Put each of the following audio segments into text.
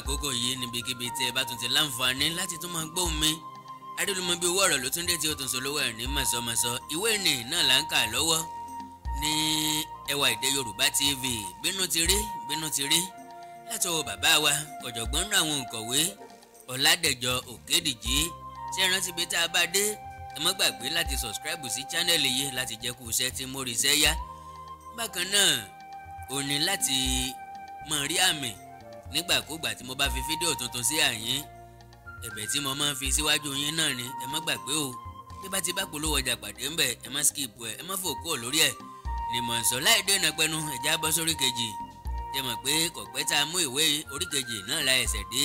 àkókò yìí níbikíbi tí ẹ bá tún ti láǹfààní láti tún máa gbóhùn mi adúlùmọ̀ bíi owó ọ̀rọ̀ ló tún dé tí ó tún solówó ẹ̀ ní mọ̀sọ́mọ̀sọ́ ìwé ìrìn náà là ń kà lọ́wọ́ ní ẹwà èdè Yorùbá TV bínú ti rí bínú ti rí látọwọ́ bàbá wa ọ̀jọ̀gbọ́n náà àwọn òǹkọ̀wé Ọ̀làdẹ̀jọ Òkèdìjì ṣé rántí bí tá a bá dé ẹ má gbàgbé láti sọ̀scribe sí channel yìí láti jẹ́ kó iṣẹ́ tí mo rí iṣẹ́ yá bákan náà òní láti mọ̀ rí àmì nígbàkúgbà tí mo bá fi fídíò tuntun sí àyín ẹ̀bẹ̀ tí mo máa ń fi síwájú yín náà ni ẹ má gbàgbé o bí bá ti bá polówó ọjà pàdé ńbẹ ẹ má skip ẹ ẹ má fòkó lórí ẹ ni mò ń sọ láì dènà pẹnu ẹ̀já bọ́ sórí kejì ẹ mọ̀ pé kọ̀pẹ́ tá a mú ìwé orí kejì náà la ẹsẹ̀ dé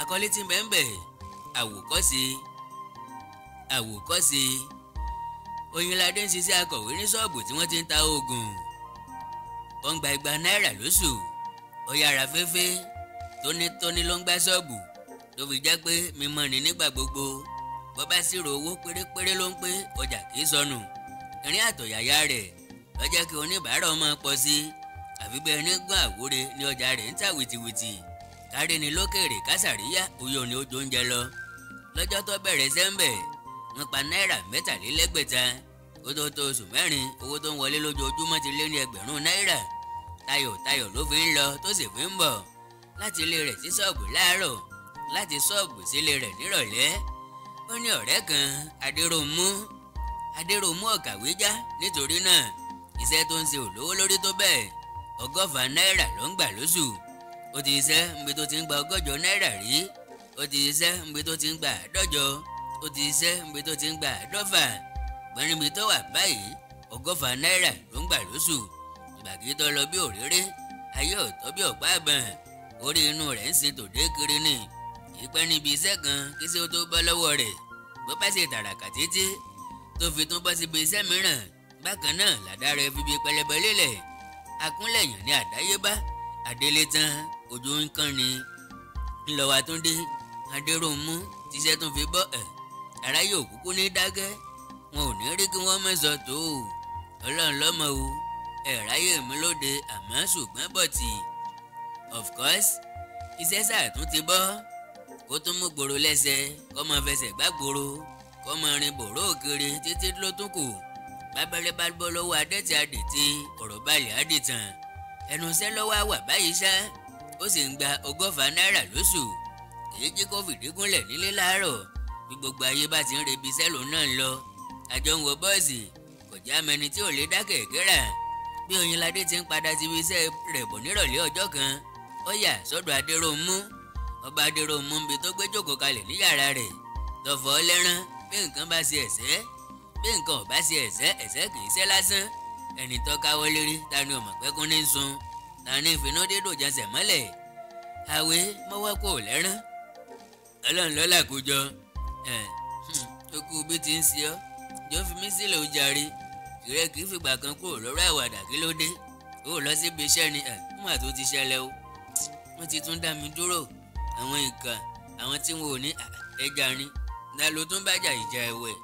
akọ́lé tí bẹ́ẹ̀ ń bẹ̀ àwòkọ́ṣe àwòkọ́ṣe Oyinládé ń ṣiṣẹ́ akọ̀wé ní ṣọ́ọ̀bù tí wọ́n ti ń ta oògùn ó gba igba náírà lóṣù ó yára fẹ́fẹ́ tónítóní ló ń gbá ṣọ́ọ̀bù tó fi jẹ́ pé mímọ́ ni nígbà gbogbo bó bá ṣírò owó pérépéré ló ń pé ọjà kì í sọnù ìrìn àtọ̀yàyà rẹ̀ ló jẹ́ kí oníbàárà ọmọ pọ̀ sí àfi bí ẹni gbọ́n àwúre ní ọjà rẹ̀ ń tà wìtìwìtì kárí ni lókèrè kásàríyá oyún ni ó jóúnjẹ lọ lọ́jọ́ tó bẹ̀rẹ̀ sẹ́ńbẹ̀ wọn pa náírà mẹ́tàlélẹ́gbẹ̀ta kó oṣù mẹ́rin owó tó ń wọlé lójoojúmọ́ ti lé ní ẹgbẹ̀rún náírà tayọ̀tayọ̀ ló fi ń lọ tó sì fi ń bọ̀ láti ilé rẹ̀ sí ṣọ́ọ̀bù láàárọ̀ láti ṣọ́ọ̀bù sílé rẹ̀ nírọ̀lẹ́ ó ní ọ̀rẹ́ kan adéròmú adéròmú ọ̀kàwé já nítorí náà iṣẹ́ tó ń ṣe olówó lórí tó bẹ́ẹ̀ ọgọ́fà náírà ló ń gbà lóṣù ó ti iṣẹ́ níbi tó ti ń gba ọgọ́jọ náírà rí ó ti iṣẹ́ níbi tó ti ń gba àádọ́jọ ó ti iṣẹ́ níbi tó ti ń gba àádọ́fà gbọ́n tó wà báyìí ọgọ́fà náírà ló ń gbà lóṣù gbàgede lọ bí òréré ayé ọ̀tọ́ bí ọ̀pá àbọ̀n orí inú rẹ̀ ń ṣe tòde kiri ni ìpẹ́ níbi iṣẹ́ kan kí ṣé ó tó bọ́ lọ́wọ́ rẹ̀ bó bá ṣe tàràkà títí tó fi tún bọ́ síbi iṣẹ́ mìíràn bákan náà làdá rẹ̀ fi bi pẹlẹbẹ lélẹ̀ akúnlẹ̀yàn ní àdáyébá adélétan ojú nǹkan ni ńlọwà tún dé adéròmú tíṣẹ́ tún fi bọ́ ẹ̀ aráyé òkúkú ní dákẹ́ wọn ò ní rí kí wọ́n mọ̀ tó ọlọ́run lọ́mọ o ẹ̀ráyè mú lóde àmọ́ ṣùgbọ́n bọ̀tì of course iṣẹ́ sàtún ti bọ́ kó tún mú gbòòrò lẹ́sẹ̀ kó mọ fẹsẹ̀ gbá gbòòrò kó mọ rin bòòrò kiri títí ló tún kù bábẹ́rẹ́ bá bọ́ lọ́wọ́ adẹ́tí adìtí ọ̀rọ̀ balẹ̀ adìtàn ẹnu iṣẹ́ lọ́wọ́ àwà báyìí ṣá ó sì ń gba ọgọ́fà náírà lóṣù èyí jí kó fìdí gúnlẹ̀ nílé láàárọ̀ bí gbogbo ayé bá ti ń rebi iṣẹ́ lòun náà ń lọ àjọ ń wọ bọ́ọ̀sì kò já mẹni tí ò lè dá kẹ̀kẹ́ rà bí Oyinládé ti ń padà sí iṣẹ́ rẹ̀ bọ̀ nírọ̀lẹ́ ọjọ́ kan ó yà sọ́dọ̀ Adéròmú ọba Adéròmú ń bi tó gbé jókòó kalẹ̀ ní yàrá rẹ̀ lọ́fọ̀ọ́ lẹ́rán bí nǹkan bá ṣe ẹ̀sẹ́ bí nǹkan ò bá ṣe ẹ̀sẹ́ ẹ̀sẹ́ kì í ṣe lásán ẹni tó káwọ́ lérí ta ni ọmọ pẹ́kún ní sun ta ni ìfinú dídùn jẹsẹ̀ mọ́lẹ̀ àwé mọ́wọ́ kò lẹ́rán ọlọ́run lọ́la ìrẹ́ kì fìgbà kan kúrò lọ́rọ̀ àwàdà kí ló dé ó lọ síbi iṣẹ́ ni ẹ̀ fún àti ti ṣẹlẹ̀ o wọ́n ti tún dá mi dúró àwọn ìkà àwọn tí wọn ò ní ẹja ni ta ló tún bájà ìjà ẹ̀wẹ̀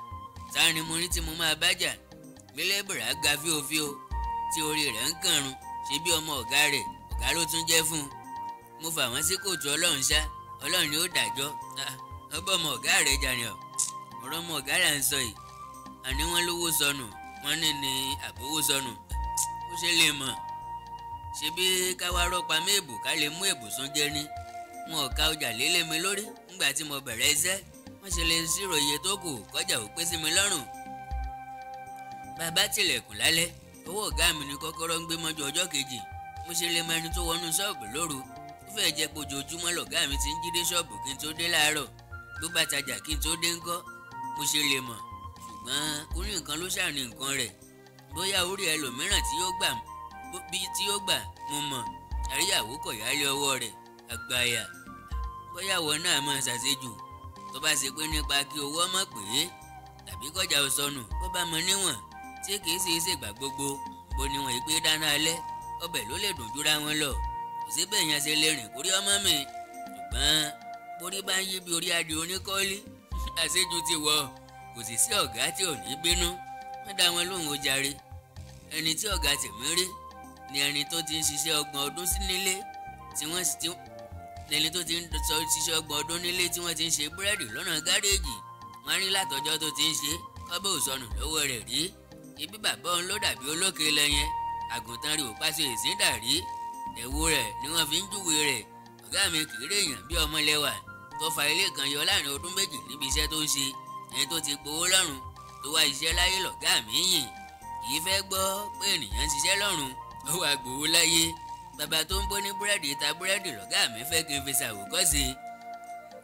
ta ni mo ní tí mo máa bájà bílẹ̀bùrà ga fíofío tí orí rẹ̀ ń kànrun ṣe bí ọmọ ọ̀gá rẹ̀ ọ̀gá ló tún jẹ́ fún un mo fà wọ́n sí kóòtù ọlọ́run ṣá ọlọ́run ni ó dájọ́ ọbọ̀ ọmọ ọ̀gá rẹ̀ jàrìn ọ̀ ọ̀rọ̀ ọmọ ọ̀gá rẹ̀ ń sọ yìí àní wọ́n lówó sọnù wọ́n ní ní àbówó sọnù ó ṣe lè mọ̀ ṣebí káwá rọpa méèbù ká lè mú èbùsùn jẹ ni wọn ò ka ọjà lélẹ̀ mi lórí nígbà tí mo bẹ̀rẹ̀ iṣẹ́ wọ́n ṣe lè ṣírò iye tó kù kọjá ò pé sí mi lọ́rùn. bàbá tilẹ̀kùn lálẹ́ owó ọ̀gá mi ni kọ́kọ́rọ́ ń gbé mọ́jú ọjọ́ kejì mo ṣe lè mọ ẹni tó wọnú ṣọ́ọ̀bù lóru ó fẹ́ẹ́ jẹ́ pé ojoojúmọ́ lọ̀gá mi ti ń jí dé ṣọ́ọ̀bù kí n tó dé láàárọ̀ bó bá kí n tó dé ńkọ́ mo ṣe lè mọ̀ ṣùgbọ́n orí nǹkan ló ṣàrin nǹkan rẹ̀ bóyá orí ẹlòmíràn tí ó gbà bí tí ó gbà mo mọ̀ àríyàwó kọ̀ yálé ọwọ́ rẹ̀ àgbàyà bóyá wọn náà máa ṣàṣejù tó bá ṣe pé nípa kí owó ọmọ pè é tàbí kọjá ọsọnù bó bá mọ níwọ̀n tí kì í ṣe é ṣègbà gbogbo bó níwọ̀n yìí pé dáná alẹ́ ọbẹ̀ ló lè dùn jura wọn lọ kò sí bẹ́ẹ̀ yẹn ṣe lè rìn kórí ọmọ mi ṣùgbọ́n borí bá ń yí bí orí adìẹ oníkọ́lí àṣejù ti wọ̀ ọ́ kò sì sí ọ̀gá tí ò ní bínú wọ́n dá wọn lóhùn ó ẹni tí ọ̀gá tèmi rí ni ẹni tó ti ń ṣiṣẹ́ ọgbọ̀n ọdún sí nílé tí wọ́n sì ti ẹni tó ti ń ṣiṣẹ́ ọgbọ̀n ọdún nílé tí wọ́n ti ń ṣe búrẹ́dì lọ́nà gáréèjì wọ́n rí látọjọ́ tó ti ń ṣe kọ́bọ̀ òsọnù lọ́wọ́ rẹ̀ rí ibi bàbá òun ló dàbí olókè lẹ́yìn àgùntàn rẹ̀ ò pàṣẹ ìsíndà rí ẹ̀wù rẹ̀ ni wọ́n fi ń júwe rẹ̀ ọ̀gá mi kì í rèèyàn bí ọmọlẹ́wà tó fa ilé kan yọ láàrin ọdún méjì níbi iṣẹ́ tó ń ṣe ẹni tó ti gbowó lọ́rùn tó wá iṣẹ́ láyé lọ̀gá mi yìn kì í fẹ́ gbọ́ pé ènìyàn ń ṣiṣẹ́ lọ́rùn ó wá gbowó láyé bàbá tó ń bó ní búrẹ́dì ta búrẹ́dì lọ̀gá mi fẹ́ kí n fi ṣàwòkọ́ṣe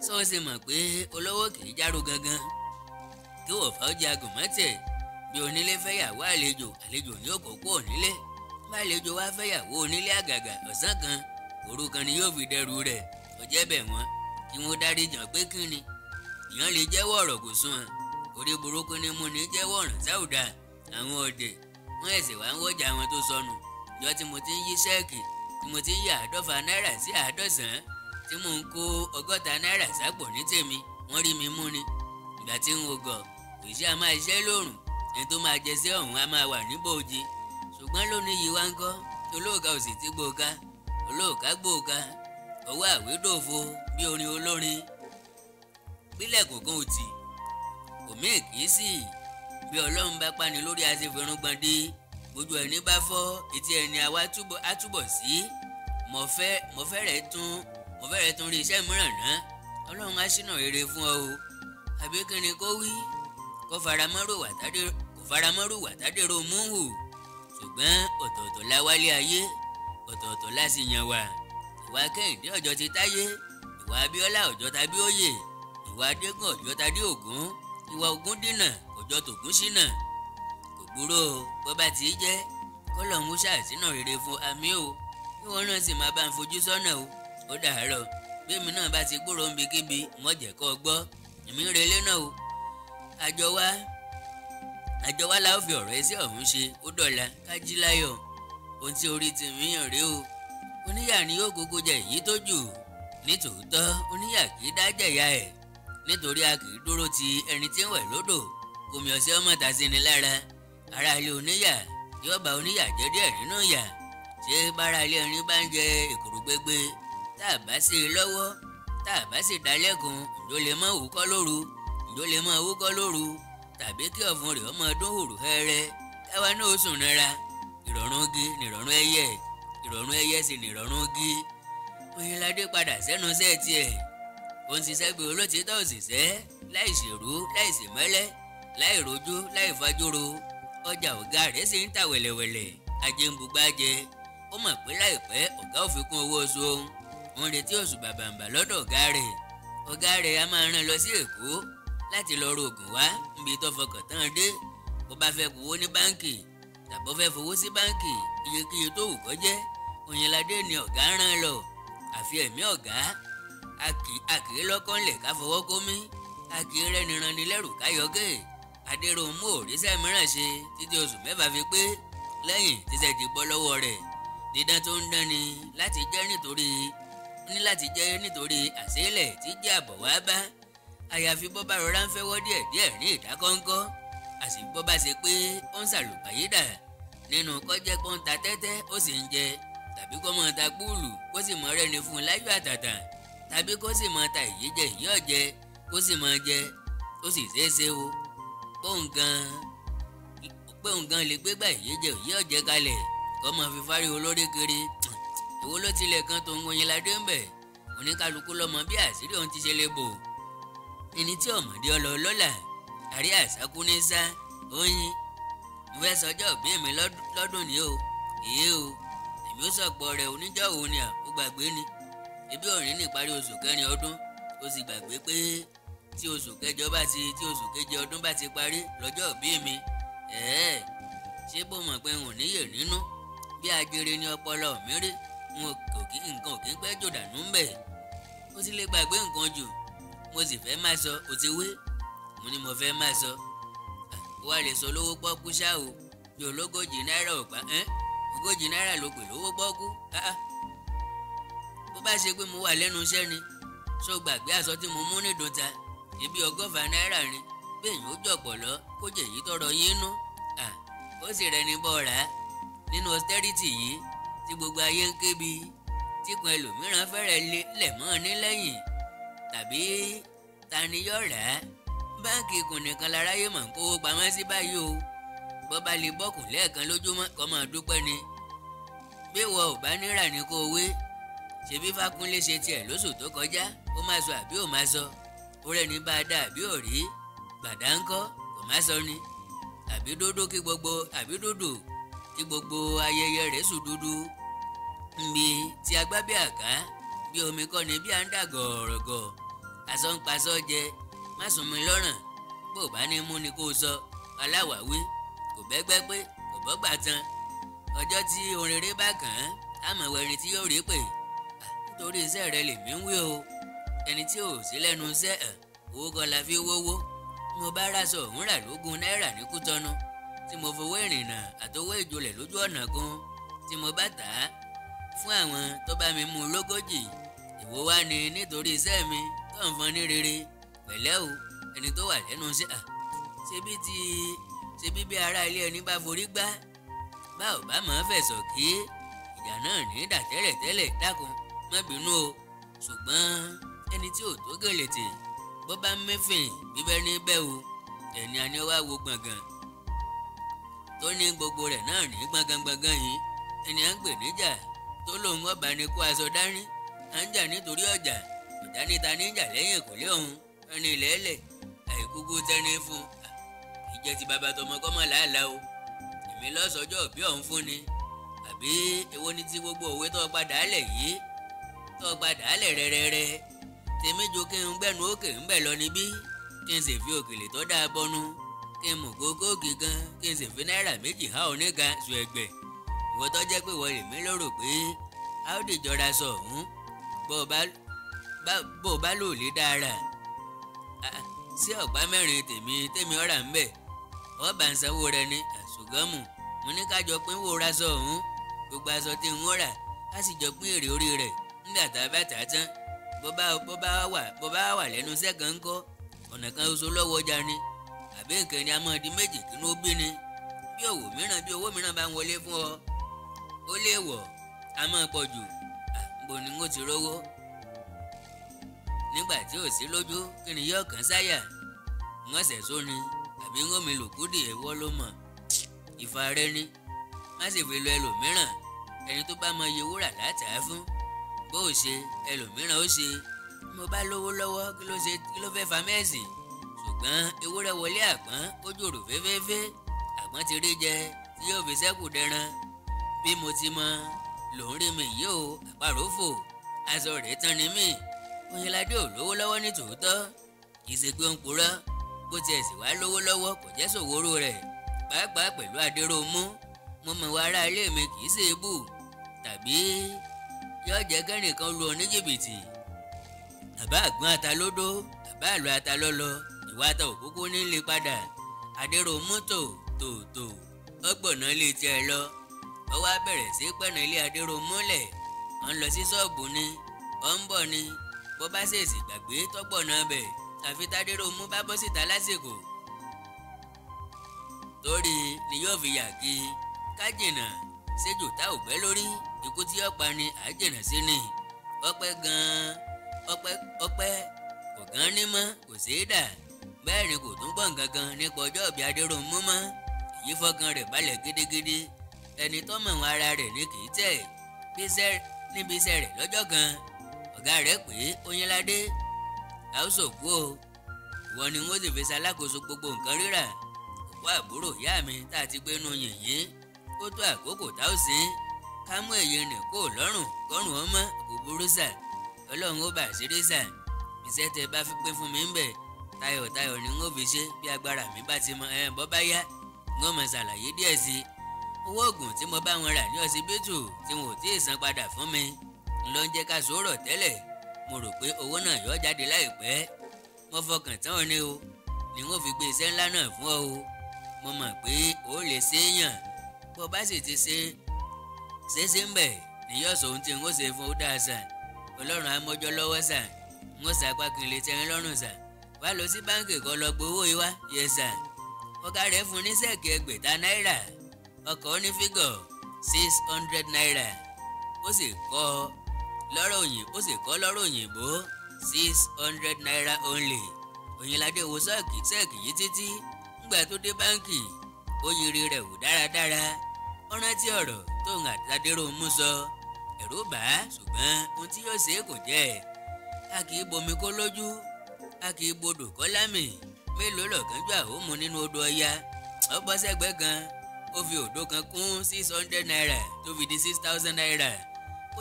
ṣó o ṣe mọ̀ pé olówó kì í járó gangan kí wò fà ó jẹ agùn mọ́tẹ̀ bí onílé fẹ́yàwó àlejò àlejò ní òkòkò onílé bá àlejò wá fẹ́yàwó onílé àgàgà ọ̀sán kan òru ni yóò fi dẹrù rẹ̀ ọ̀jẹ̀ bẹ̀ wọ́n kí wọ́n dárí jàn pé kí ìyàn lè jẹ́wọ́ ọ̀rọ̀ kò sún wọn orí burúkú ni mo ní jẹ́wọ́ ọ̀ràn sáwùdà àwọn ọ̀dẹ̀ wọ́n ẹ̀sẹ̀ wá ń wọ́jà àwọn tó sọnù ìjọ tí mo ti ń yí ṣẹ́ẹ̀kì tí mo ti ń yà àádọ́fà náírà sí àádọ́sàn-án tí mò ń kó ọgọ́ta náírà sápò ní tèmi wọ́n rí mi mú ni ìgbà tí ń wo òṣìṣẹ́ a máa ṣiṣẹ́ lóòrùn ẹni tó máa jẹsẹ́ ọ̀hún a máa wà níbòòjì ṣùgbọ́n lónìí yìí wá ń kọ́ olóòka ò sì ti gbòòka olóòka gbòòka ọwọ́ àwédòfo bí orin olórin bílẹ̀ gògán òtì òmí èkìísì bí ọlọ́run bá pani lórí aṣèfẹ́rúngbọ̀n dé gbogbo ẹni bá fọ́ etí ẹni àwa túbọ̀ sí mọ̀fẹ́ mọ̀fẹ́rẹ̀ tún mọ̀fẹ́rẹ̀ tún rí iṣẹ́ mìíràn ná ọlọ́run á ṣínà rere fún ọ o àbí kí ni kó wí kó faramọ́rò wà tádèrò mú hù ṣùgbọ́n ọ̀tọ̀ọ̀tọ̀ la wálé ayé ọ̀tọ̀ọ̀tọ̀ la sì yàn wà ìwà kẹ́hìndé ọjọ́ ti táyé ìwà abíọ́lá ọjọ́ tàbí òye ìwà adégún ọjọ́ tadé ògún ìwà ògún dínà ọjọ́ tògún ṣínà kò gbúrò bó bá ti jẹ́ kọ́lọ̀ ń wúṣà sínú rere fún àmì o ìwọ náà sì máa bá ń fojú sọ́nà o ó dàárọ̀ bẹ́ẹ̀mi náà bá ti gbúrò ń bikíbi wọ́n jẹ́ kọ́ gbọ́ èmi ń relé náà o àjọ wa àjọ wa la ó fi ọ̀rọ̀ ẹsẹ̀ ọ̀hún ṣe ó dọ̀la kájí láyọ̀ ohun tí orí ti mí rèé o oníyà ni yóò gógó jẹ èyí tó jù nítòótọ́ oníyà kì í dájẹ̀yà ẹ̀ nítorí a kì í dúró ti ẹni tí ń wẹ̀ lódò omi ọ̀sẹ̀ ọmọ ta sí ni lára ara ilé oníyà yóò bá oníyà jẹ́ díẹ̀ nínú ìyà ṣé bára ilé ẹni bá ń jẹ èkòrò gbégbé tá a bá sì lọ́wọ́ tá a bá sì dá lẹ́kun ìjó lè mọ òwúkọ́ lóru ìjó lè mọ òwúkọ́ lóru tàbí kí ọ̀fun rẹ̀ ọmọ ọdún òrù hẹ́rẹ́ káwa náà ó sùn nira ìrọ̀rùn gi nìrọ̀rùn ẹyẹ ìrọ̀rùn ẹyẹ sì nìrọ̀rùn gi oyinládé padà sẹ́nu sẹ́ẹ̀ tiẹ̀ ó ń ṣiṣẹ́ pé olótìtọ́ òṣìṣẹ́ láì ṣèrú láì ṣèmẹ́lẹ́ láì rojú láì fajúro ọjà ọ̀gá rẹ̀ sì ń ta wẹ̀lẹ̀wẹ̀lẹ̀ ajé ń bugbá jẹ ó mọ̀ pé láìpẹ́ ọ̀gá ò fi kún owó oṣù òun retí oṣù bàbàǹbà lọ́dọ̀ ọ̀gá rẹ̀ ọ̀gá rẹ̀ a máa rán lọ sí èkó láti lọ ro oògùn wá níbi tó fọkàn tán dé bó bá fẹ́ gbowó ní báǹkì tàbó fẹ́ fowó sí báǹkì iyekíye tó wù kó jẹ́ òyìnládé ni ọ̀gá rán lọ àfi ẹ̀mí ọ̀gá àkì àkì lọ́kànlẹ̀ ká fọwọ́ kómi àkì rẹ́niranni lẹ́rù káyọ̀gé adéròmù òrìṣẹ́ mìíràn ṣe títí oṣù mẹ́fà fi pé lẹ́yìn tíṣẹ́ ti bọ́ lọ́wọ́ rẹ̀ dídán tó ń dán ni láti jẹ́ nítorí ní láti jẹ́ nítorí àṣeélẹ̀ tí jẹ́ àbọ̀ wá bá àyàfi bọ́ bá rọra ń fẹ́wọ́ díẹ̀ díẹ̀ ní ìdákọ́ńkọ́ àṣì bọ́ bá ṣe pé ó ń ṣàlùbáyédà nínú kọ́jẹ́ pọ́ńta tẹ́tẹ́ ó sì ń jẹ tàbí kọ́ mọ́ gbúùlù kó sì mọ́ fún un láyọ̀ àtàtà tàbí kó sì máa ta ìyíjẹ ìyọ́jẹ kó sì máa jẹ ó sì ṣeéṣe o póun gan póun gan lè gbégbá ìyíjẹ ìyọ́jẹ kalẹ̀ kó máa fi fárí olórí kiri ìwo ló tilẹ̀ kan tó ń wọnyí ládé ń bẹ̀ oníkálukú lọ́mọ bí àṣírí òun ti ṣe lè bò ẹni tí ọmọdé ọlọ lọ́la àrí àṣàkú ní sá oyin mo fẹ́ sọjọ́ òbí mi lọ́dún ni o èyí o èmi ó sọ̀pọ̀ rẹ̀ oníjọ́ òun ni à ni ebi òrìn ní ìparí oṣù kẹrin ọdún ó sì gbàgbé pé tí oṣù kẹjọ bá ti tí oṣù keje ọdún bá ti parí lọ́jọ́ bí mi ẹ̀ẹ́ ṣé bó mọ̀ pé n ò níyè nínú bí ajere ní ọpọlọ mi rí nǹkan ò kí ń pẹ́ jòdànù ń bẹ̀ ó sì lè gbàgbé nǹkan jù mo sì fẹ́ máa sọ ó ti wé mo ní mo fẹ́ máa sọ wá lè sọ lówó pọ́kú ṣá o bí ológójì náírà ò pa ẹ́ ogójì náírà ló pè lówó pọ́kú áá bá ṣe pé mo wà lẹ́nu iṣẹ́ ni ṣó gbàgbé aṣọ tí mo mú nídòta ibi ọgọ́fà náírà ni bẹ́ẹ̀yìn ó jọ̀pọ̀ lọ kó jẹ́ èyí tọrọ yín nú ó sì rẹni bọ́ nínú austerity yìí tí gbogbo ayé ń kébi tíkun ẹlòmíràn fẹ́rẹ̀ lẹ̀ mọ́ ọ nílẹ́yìn tàbí ta báńkì ikùn nìkan láráyé mọ̀ ń kówó pamọ́ sí báyìí o bọ́ bá lè bọ́kùn lẹ́ẹ̀kan lójúmọ́ kọ́ máa dúpẹ́ ni bí wọ́n ò bá nírà ní kó o wé ṣebí fákúnlé ṣe tiẹ̀ lóṣù tó kọjá ó máa sọ àbí ò máa sọ orẹ́ ní bá a dá àbí ò rí gbàdá kò má sọ ni àbí dúdú kí gbogbo àbí dúdú kí gbogbo ayẹyẹ rẹ̀ sùn dúdú nbí tí agbá bí àká bí omi kọ́ ni bí à ń dà gọ̀ọ̀rọ̀gọ̀ aṣọ ń paṣọ jẹ má sùn mí lọ́rùn bó bá ní mú ni kó sọ aláwàwí kò bẹ́gbẹ́ pé kò bọ́gbà tán ọjọ́ tí orin rẹ bá kàn án àmọ̀wẹ̀rin tí yóò rí pè é torí iṣẹ́ rẹ lèmi ń wí o ẹni tí ò sí lẹ́nu iṣẹ́ ẹ̀ owó kan la fi wówó mo bá raṣọ òun rà lógún náírà ní kútọ́nù tí mo fowó ìrìnnà àtowó ìjolẹ̀ lójú ọ̀nà kan tí mo bá tà á fún àwọn tó bá mi mú lógójì ìwọ wá ni nítorí iṣẹ́ mi tó ń fọn ní rere pẹ̀lẹ́ o ẹni tó wà lẹ́nu iṣẹ́ à ṣebí ti ṣebí bí ara ilé ẹni bá forí gbá bá ò bá mọ̀ ọ́ fẹ̀sọ̀ kí ìjà náà ní dàtẹ́rẹ̀tẹ́lẹ̀ dákun má bínú o ṣùgbọ́n ẹni tí ò tó gèlè tì bó bá mẹ́fìn bíbẹ́ níbẹ̀ o ẹni àní wá wo gbọ̀ngàn tó ní gbogbo rẹ̀ náà ní gbọ̀ngàngbọ̀ngàn yìí ẹni à ń pè níjà tó lòun ọba ni kó aṣọ dání à ń jà nítorí ọjà ọ̀dá níta níjà lẹ́yìn ìkọ́lé ọ̀hún ẹni ìlẹ́lẹ̀ àìkúkú tẹ́ni fún ìjẹ́ ti bàbá tọmọ kọ́mọ làálàá o èmi lọ́sọ̀ọ́jọ́ òbí ọ̀hún fún ni àbí èwo ni ti gbogbo òwe tó padà á lẹ̀ yìí tó gba dàálẹ̀ rẹ́rẹ́rẹ́ tèmi ju kí n gbẹ́nu òkè ń bẹ̀ lọ níbí kí n sì fi òkèlè tó dáa bọnu kí n mú gógó gígan kí n sì fi náírà méjì há oníga sùn ẹgbẹ́ ìwọ tó jẹ́ pé wọlé mi lérò pé áódì jọra sọ ọ̀hún bó o bá lò lè dára sí ọ̀pá mẹ́rin tèmi tèmi ọ̀rà ń bẹ̀ ọba ń sanwó rẹ ní àṣùgọ́mù mo ní ká jọ pín wòra sọ ọ̀hún gbogbo aṣọ tí n ó rà ká sì jọ pín èrè orí rẹ̀ nígbà a bá tà tán bó bá wà bó bá wà lẹ́nu iṣẹ́ kan ń kọ́ ọ̀nà kan lọ́wọ́ ọjà ni àbí nǹkan ni a máa di méjì bí ni bí òwò mìíràn bí owó mìíràn bá ń wọlé fún ọ ó lè wọ̀ a máa pọ̀ jù ti rówó nígbà tí ò sí lójú kí ni yóò kàn sáyà wọ́n ṣẹ̀ sóni àbí ni má sì fi lọ ẹlòmíràn ẹni iye wúrà látàá fún bó o ṣe ẹlòmíràn ó ṣe mo bá lówó lọ́wọ́ kí ló ṣe kí ló fẹ́ fa mẹ́ẹ̀sì ṣùgbọ́n ewúrẹ́ wọlé àpọ́n ó jòrò fẹ́fẹ́fẹ́ àpọ́n ti rí jẹ tí yóò fi ṣẹ́kù dẹran bí mo ti mọ lòún rí mi yìí o àparòfò aṣọ rẹ̀ tán ni mí Oyinládé ò lówó lọ́wọ́ ní tòótọ́ kì í ṣe pé ó ń purọ́ bó tiẹ̀ sì wá lówó lọ́wọ́ kò jẹ́ sòwòrò rẹ̀ pàápàá pẹ̀lú adéròmú mo mọ̀ wá ará ilé mi kì í ṣe é bù tàbí yóò jẹ́ kẹ́nìkan lu ọ ní jìbìtì bàbá àgbọn atalódó bàbá àlọ atalọlọ ìwà ata òkókó nílé padà àdérò mọ́tò tòótò ọgbọ̀nà lè tiẹ̀ lọ ó wá bẹ̀rẹ̀ sí pẹ̀nà ilé adéró mọ́lẹ̀ ó ń lọ sí ṣọ́ọ̀bù ni ó ń bọ̀ ni bó bá ṣèṣì gbàgbé tọ́gbọ̀nà bẹ̀ àfi tádéró mú bá bọ́ síta lásìkò torí ni yóò fi yà kí kájìnà ṣéjò tá ò gbẹ́ lórí ikú tí ọ̀pá ni àjẹ̀nà sí ni ọpẹ́ gan-an ọpẹ́ ọpẹ́ kò gan ní mọ́ kò ṣeé dà bẹ́ẹ̀ ni kò tún gbọ̀n gangan nípa ọjọ́ ìbí Adéròunmú mọ́ èyí fọkàn rẹ̀ balẹ̀ gidigidi ẹni tó mọ̀ wọn ara rẹ̀ ni kì í tẹ̀ níbi iṣẹ́ rẹ̀ lọ́jọ́ kan ọ̀gá rẹ̀ pé Oyinládé àwùsọ̀ kú o ìwọ ni wọ́n sì fi ṣalákòóso gbogbo nǹkan rírà òkú àbúrò ìyá mi tá a ti gbénu yìnyín ó tó àkókò tá ká mú èyí rìn kó lọ́rùn kọ́rùn ọmọ kò burú sà ọlọ́run ó bà ṣeré sà iṣẹ́ tẹ bá fi pín fún mi ń bẹ̀ tayọ̀tayọ̀ ni n ó fi ṣe bí agbára mi bá ti mọ ẹ bọ́ bá yá n ó mọ ṣàlàyé díẹ̀ sí owó oògùn tí mo bá wọn rà ní ọsibítù tí wọn ò tí ì san padà fún mi ló ń jẹ́ ká sọ̀rọ̀ tẹ́lẹ̀ mo rò pé owó náà yọ jáde láìpẹ́ mo fọkàn tán ọ o ni wọn fi gbé iṣẹ́ ńlá náà fún ọ o mo mọ̀ pé ó lè ṣe é yàn bó bá sì ti ṣe é ṣéṣe ń bẹ̀ ni yóò sọ ohun tí n ó ṣe fún ó dáa sàn ọlọ́run á lọ́wọ́ sàn n ó sàpá kí lè tẹ́ lọ́rùn sàn wá lọ sí kan six hundred naira ó sì kọ́ lọ́rọ̀ òyìn ó six hundred naira only wo sẹ́ẹ̀kì sẹ́ẹ̀kì yìí títí ńgbà tó dé ó yiri rẹ̀ wò dáradára tóun àti adéròmú sọ ẹ̀rù bà á ṣùgbọ́n ohun tí yóò ṣe é kò jẹ́ a kì í bomi kó lójú a kì í bodò kó lámì mélòó lọ̀kánjúà ó mu nínú odò ọya ó sẹ́gbẹ́ kan ó fi òdó kan kún six hundred naira tó fi di six thousand naira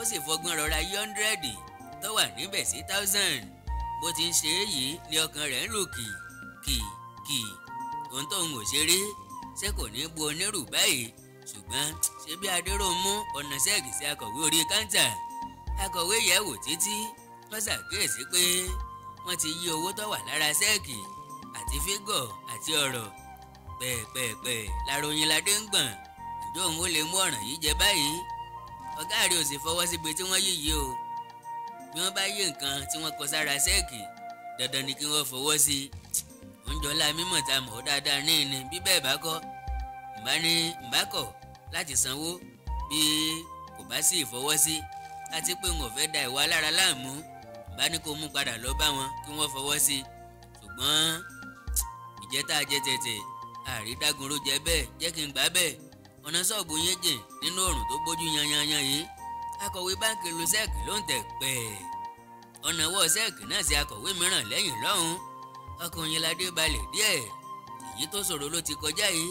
ó sì fọgbọ́n rọra yí hundred tó wà níbẹ̀ sí thousand bó ti ń ṣe é yìí ni ọkàn rẹ̀ ń lù kì kì kì ohun tóun ò ṣe rí ṣé kò ní bu onírù báyìí ṣùgbọ́n ṣé bí adéròmú ọ̀nà sẹ́ẹ̀kì sí akọ̀wé orí káńtà akọ̀wé yẹ̀ wò títí wọ́n ṣàkíyèsí pé wọ́n ti yí owó tó wà lára sẹ́ẹ̀kì àti fígọ̀ àti ọ̀rọ̀ pẹ̀pẹ̀pẹ̀ laroyin ládé ń gbọ̀n ìjọ òun ó lè mú ọ̀ràn yìí jẹ báyìí ọ̀gá rẹ̀ ò sì fọwọ́ síbi tí wọ́n yí yìí o bí wọ́n bá yí nǹkan tí wọ́n kọ sára sẹ́ẹ̀kì dandan ni kí wọ́n fọwọ́ sí i oúnjẹ ọlá mímọ̀ mọ̀ dáadáa ní ìní bí bẹ́ẹ̀ bá ní mbá láti sanwó bí kò bá sí ìfọwọ́sí àti pé wọn ò fẹ́ da ìwà alára láàmú bá ní kó mú padà lọ bá wọn kí wọ́n fọwọ́ sí i ṣùgbọ́n ìjẹ́ta jẹ tẹ̀tẹ̀ àrídágunró jẹ bẹ́ẹ̀ jẹ́ kí n gbà bẹ́ẹ̀ ọ̀nà ṣọ́ọ̀bù yẹn jìn nínú òrùn tó gbójú yanyanyan yìí akọ̀wé báńkì lu sẹ́ẹ̀kì ló ń tẹ̀ pẹ́ ọ̀nà wọ sẹ́ẹ̀kì náà sí akọ̀wé mìíràn lẹ́yìn lọ́hùn ọkùnrin ládé balẹ̀ díẹ̀ èyí tó ṣòro ló ti kọjá yìí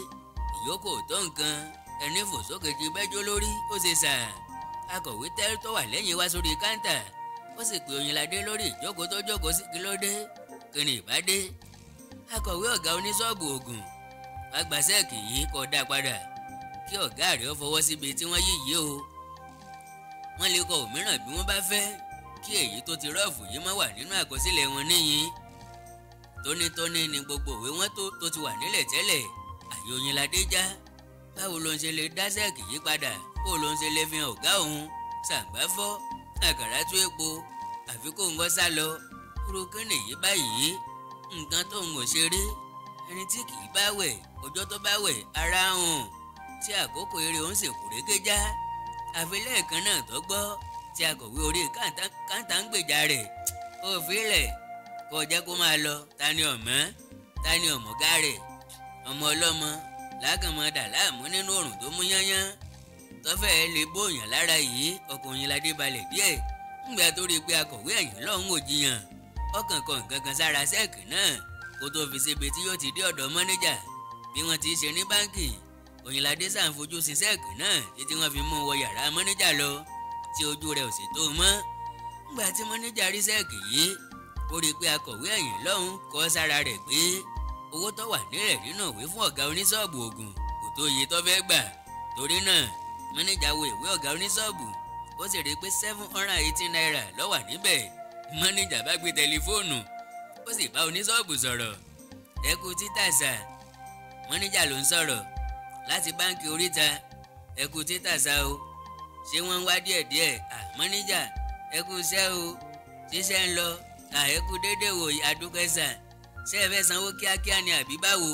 ìyókù tó nǹkan ẹni fò sókè ti bẹ́jọ́ lórí ó ṣe sàn akọ̀wé tẹ́rí tó wà lẹ́yìn wá sórí káńtà ó sì pè Oyinládé lórí ìjókòó tó jókòó sí kílódé kíni ìbádé akọ̀wé ọ̀gá oníṣọ́ọ̀bù ògùn agbàsẹ́ẹ̀kì yìí kọ́ dá padà kí ọ̀gá rẹ̀ ó fọwọ́ síbi tí wọ́n yí yìí o wọ́n lè kọ òmíràn bí wọ́n bá fẹ́ kí èyí tó ti rọ́ọ̀fù yìí má wà nínú àkọsílẹ̀ wọn níyìn tónítóní ni gbogbo òwe wọn tó ti wà nílẹ̀ tẹ́lẹ̀ àyè Oyinládé báwo ló ń ṣe lè dá sẹ́ẹ̀kì yí padà bó ló ń ṣe lè fi hàn ọ̀gá òun ṣàǹgbá fọ́ àkàrà tú epo àfi kó ń bọ́ sá lọ irú kí nìyí báyìí nǹkan tó ń wò ṣe rí ẹni tí kì í bá wẹ̀ ọjọ́ tó bá wẹ̀ ara hàn tí àkókò eré òun sì kúrékè já àfi lẹ́ẹ̀kan náà tó gbọ́ tí akọ̀wé orí káńtà ń gbèjà rẹ̀ ó filẹ̀ kó jẹ́ kó máa lọ ta ni ọ̀mọ́ ta ni ọ̀mọ̀gá rẹ̀ ọmọ ọlọ́mọ lágànmọ́ dà láàmú nínú oòrùn tó mú yányán tọ́fẹ́ lè bóyàn lára yìí ọkùnrin ládé balẹ̀ díẹ̀ ńgbà tó rí i pé akọ̀wé ẹ̀yìn lọ́hùn ò jiyàn ọkàn kan nǹkan kan sára sẹ́ẹ̀kì náà kó tó fi ṣe betí yóò ti dé ọ̀dọ̀ mọ́nẹ́jà bí wọ́n ti ṣe ní báǹkì òyìnládé sàn fojú sí sẹ́ẹ̀kì náà títí wọ́n fi mú wọ yàrá mọ́nẹ́jà lọ tí ojú rẹ̀ ò sì tó mọ́ ńgbà tí mọ́nẹ́jà rí sẹ́ẹ̀kì yìí ó rí i pé akọ̀wé ẹ̀yìn lọ́hùn kọ́ sára rẹ̀ pé owó tó wà nílẹ̀ nínú ìwé fún ọ̀gá oníṣọ́ọ̀bù oògùn kò tó iye tó fẹ́ gbà torí náà mánéjà wo ìwé ọ̀gá oníṣọ́ọ̀bù ó sì rí i pé seven hundred and eighteen naira ló wà níbẹ̀ mánéjà bá gbé tẹlifóònù ó sì bá oníṣọ́ọ̀bù sọ̀rọ̀ ẹ kú títà sà mánéjà ló ń sọ̀rọ̀ láti báńkì oríta ẹ títà sà o ṣé wọ́n ń wá díẹ̀díẹ̀ à mánéjà ẹ kú iṣẹ́ o ṣíṣẹ́ ń lọ à ẹ kú déédéé wò adúkẹ́sà ṣé ẹ fẹ́ sanwó kíákíá ni àbí báwo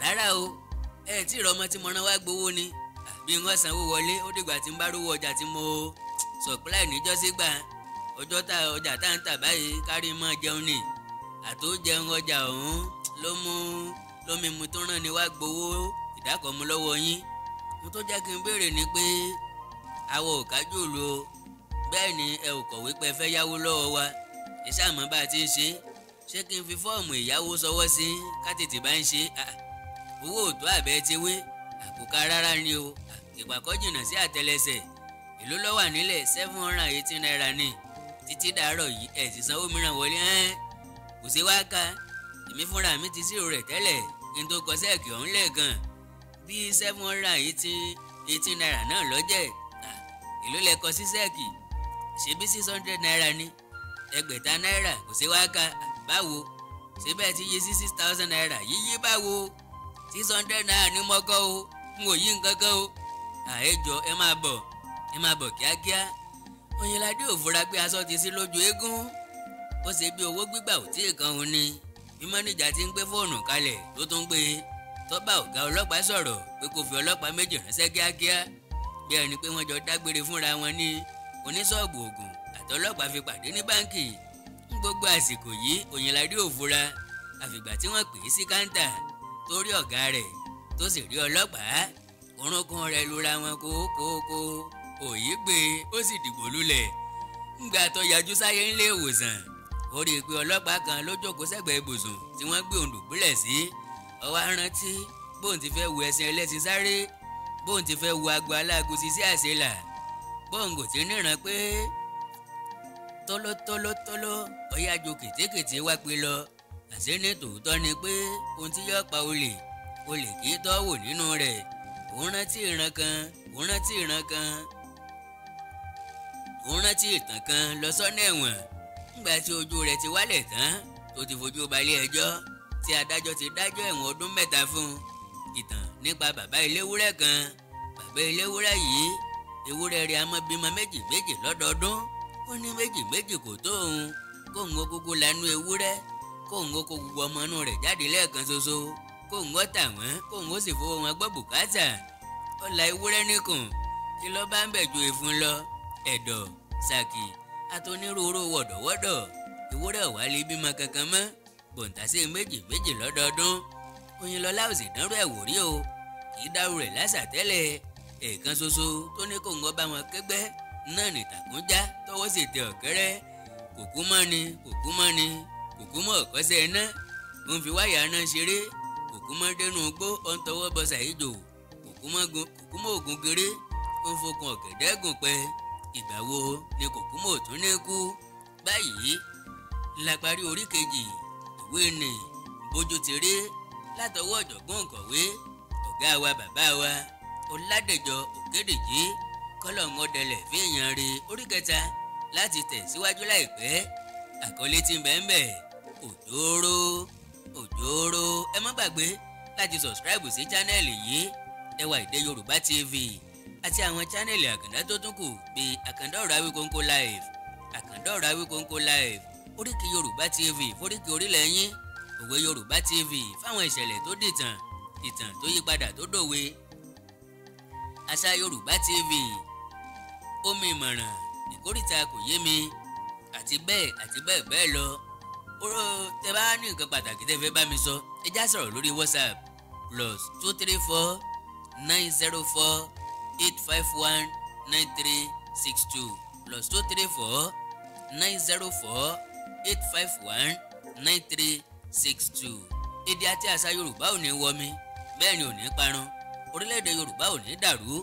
rárá o ẹ tí ìrọmọ tí mo rán wá gbowó ni àbí wọn sanwó wọlé ó dìgbà tí ń bá rówó ọjà tí mo supply níjọ́ sígbà ọjọ́ tá ọjà tá ń tà báyìí kárí mọ́ jẹun ni àtó jẹun ọjà ọ̀hún ló mú lómi mu tó rán ni wá gbowó ìdákọ̀ọ́mu lọ́wọ́ yín mo tó jẹ́ kí n béèrè ni pé àwọn ò kájú òlu o bẹ́ẹ̀ ni ẹ ò kọ̀wé pé ẹ fẹ́ yáwó lọ́wọ́ wa ìṣàmọ́ bá a ti ń ṣe é ṣé kí n fi fọ́ọ̀mù ìyáwó sọwọ́ sí ká tètè bá ń ṣe ah, owó òtó àbẹ́ ti wé àkókò rárá ni o ah, ìpàkọ́ jìnnà sí àtẹlẹsẹ̀ ìlú lọ́wà nílẹ̀ seven hundred eighteen naira ni títí dàárọ̀ yìí ẹ̀ sì sanwó mìíràn wọlé ẹ́n kò sí wáá ka èmi fúnra mi ti ṣírò rẹ̀ tẹ́lẹ̀ kí n tó kọ sẹ́ẹ̀kì ọ̀hún lẹ́ẹ̀kan bí seven hundred eighteen eighteen naira náà lọ́jẹ̀ ìlú ah, lẹ́kọ sí sẹ́ẹ̀kì ṣebí six hundred naira ni ẹgbẹ̀ta náírà kò sí wáá ka báwo ṣé ti yí sí six thousand naira yíyí báwo six hundred naira ní mọ́kọ́ o n ò yí o àhẹjọ ẹ máa bọ̀ ẹ máa bọ̀ kíákíá Oyinládé ò pé aṣọ ti sí lójú eégún ó ṣe bí owó gbígbà ò tí ì kan òun ni bí mọ́nìjà ti ń gbé fóònù kalẹ̀ tó tún gbé e. tó ọ̀gá ọlọ́pàá sọ̀rọ̀ pé kò fi ọlọ́pàá méjì ránṣẹ́ kíákíá bí ẹni pé wọ́n jọ dágbére fúnra wọn ní oníṣọ́ọ̀bù ògùn àtọlọ́pàá fi pàdé ní báǹkì gbogbo àsìkò yìí òyìnlárí ò fura àfìgbà tí wọ́n pè é sí káńtà tó rí ọ̀gá rẹ̀ tó sì rí ọlọ́pàá orúnkún rẹ̀ lura wọn kókókó òyì gbé e, ó sì dìgbò lulẹ̀ ńgbà tó yajú sáyé ńlé ìwòsàn ó rí i pé ọlọ́pàá kan ló jókòó sẹ́gbẹ̀ẹ́ ibùsùn tí wọ́n gbé òǹdò gúnlẹ̀ sí ó wá rántí bóun ti fẹ́ wo ẹṣin ẹlẹ́ṣin sáré bóun ti fẹ́ wo agbo aláàgùn sí sí bóun kò ti níran pé tólótólótóló ó yá ju kètékèté wá pé lọ àṣé ní tòótọ́ ni pé ohun tí yóò pa olè olè kì í tọ́wò nínú rẹ̀ òun rántí ìran kan òun rántí ìran kan òun rántí ìtàn kan lọ sọ́nà ẹ̀wọ̀n ńgbà tí ojú rẹ̀ ti wálẹ̀ tán tó ti fojú balẹ̀ ẹjọ́ tí adájọ́ ti dájọ́ ẹ̀wọ̀n ọdún mẹ́ta fún ìtàn nípa bàbá eléwúrẹ́ kan bàbá eléwúrẹ́ yìí ewúrẹ́ rẹ̀ á méjì méjì lọ́dọọdún ó ní méjì méjì kò tó òun kóun ó kúkú lanú ewúrẹ́ kóun ó kó gbogbo ọmọ inú rẹ̀ jáde lẹ́ẹ̀kan ṣoṣo kóun ó tà wọ́n kóun ó sì fowó wọn gbọ́ bùkátà ó la ewúrẹ́ nìkùn kí ló bá ń bẹ̀ ju ìfun lọ ẹ̀dọ̀ ṣàkì àtonírúurú wọ̀dọ̀wọ́dọ̀ ewúrẹ́ wà lè bímọ kankan mọ́ bòǹtàṣe méjì méjì lọ́dọọdún Oyinlọ́lá ò sì dánrú ẹ̀ wò rí o kì í dárú rẹ̀ lásà tẹ́lẹ̀ ẹ̀ẹ̀kan ṣoṣo tó ní kóun ó bá wọn kẹ́gbẹ́ náà nìtàkùn já tọwọ́ sì tẹ ọ̀kẹ́rẹ́ kòkú mọ́ ni kòkú mọ́ ni kòkú mọ́ ọ̀kọ́sẹ́ iná òun fi wáyà iná ṣeré kòkú mọ́ dẹnu gbó ọ̀n tọwọ́ bọ ṣàyíjò kòkú mọ́ ògùn geré ó fokùn ọ̀gẹ̀dẹ̀ gùn ìgbà wo ni kòkú mọ́ òtún ní kú báyìí la parí orí kejì ìwé ni bójú ti rí látọwọ́ ọ̀jọ̀gbọ́n kọ̀wé ọ̀gá wa bàbá wa ọ̀làdẹ̀jọ òkédèjì kọ́lọ́hún ọ̀dẹlẹ̀ fi èèyàn rí orí kẹta láti tẹ̀síwájú láìpẹ́ àkọlé tí ń bẹ ń bẹ òjòòrò òjòòrò ẹ má gbàgbé láti sọ̀sìkírábù sí chánẹ́ẹ̀lì yìí ẹwà ìdẹ Yorùbá TV àti àwọn chánẹ́ẹ̀lì àkàndá tó tún kù bíi àkàndá ọ̀rọ̀ Awíkonko live àkàndá ọ̀rọ̀ Awíkonko live oríkì Yorùbá TV foríkì orílẹ̀ yín òwe Yorùbá TV fáwọn ìṣẹ̀lẹ̀ tó dìtàn ìtàn tó yípadà tó dòwe àṣà Yorùbá TV omi ìmọ̀ràn ìkórìtà kò yé mi àti bẹ́ẹ̀ àti bẹ́ẹ̀ bẹ́ẹ̀ lọ oró tẹ bá ní nǹkan pàtàkì tẹ fẹ́ bá mi sọ ẹ já sọ̀rọ̀ lórí whatsapp plus two three four nine zero four eight five one nine three six two plus two three four nine zero four eight five one nine three six two èdè àti àṣà yorùbá ò ní wọmi bẹ́ẹ̀ ni ò ní parun orílẹ̀-èdè yorùbá ò ní dàrú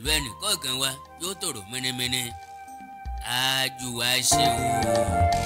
ìlú ẹnìkọ̀ọ̀kan wa yóò tòrò mẹ́nẹ́mẹ́nẹ́ aájú wa ṣe o.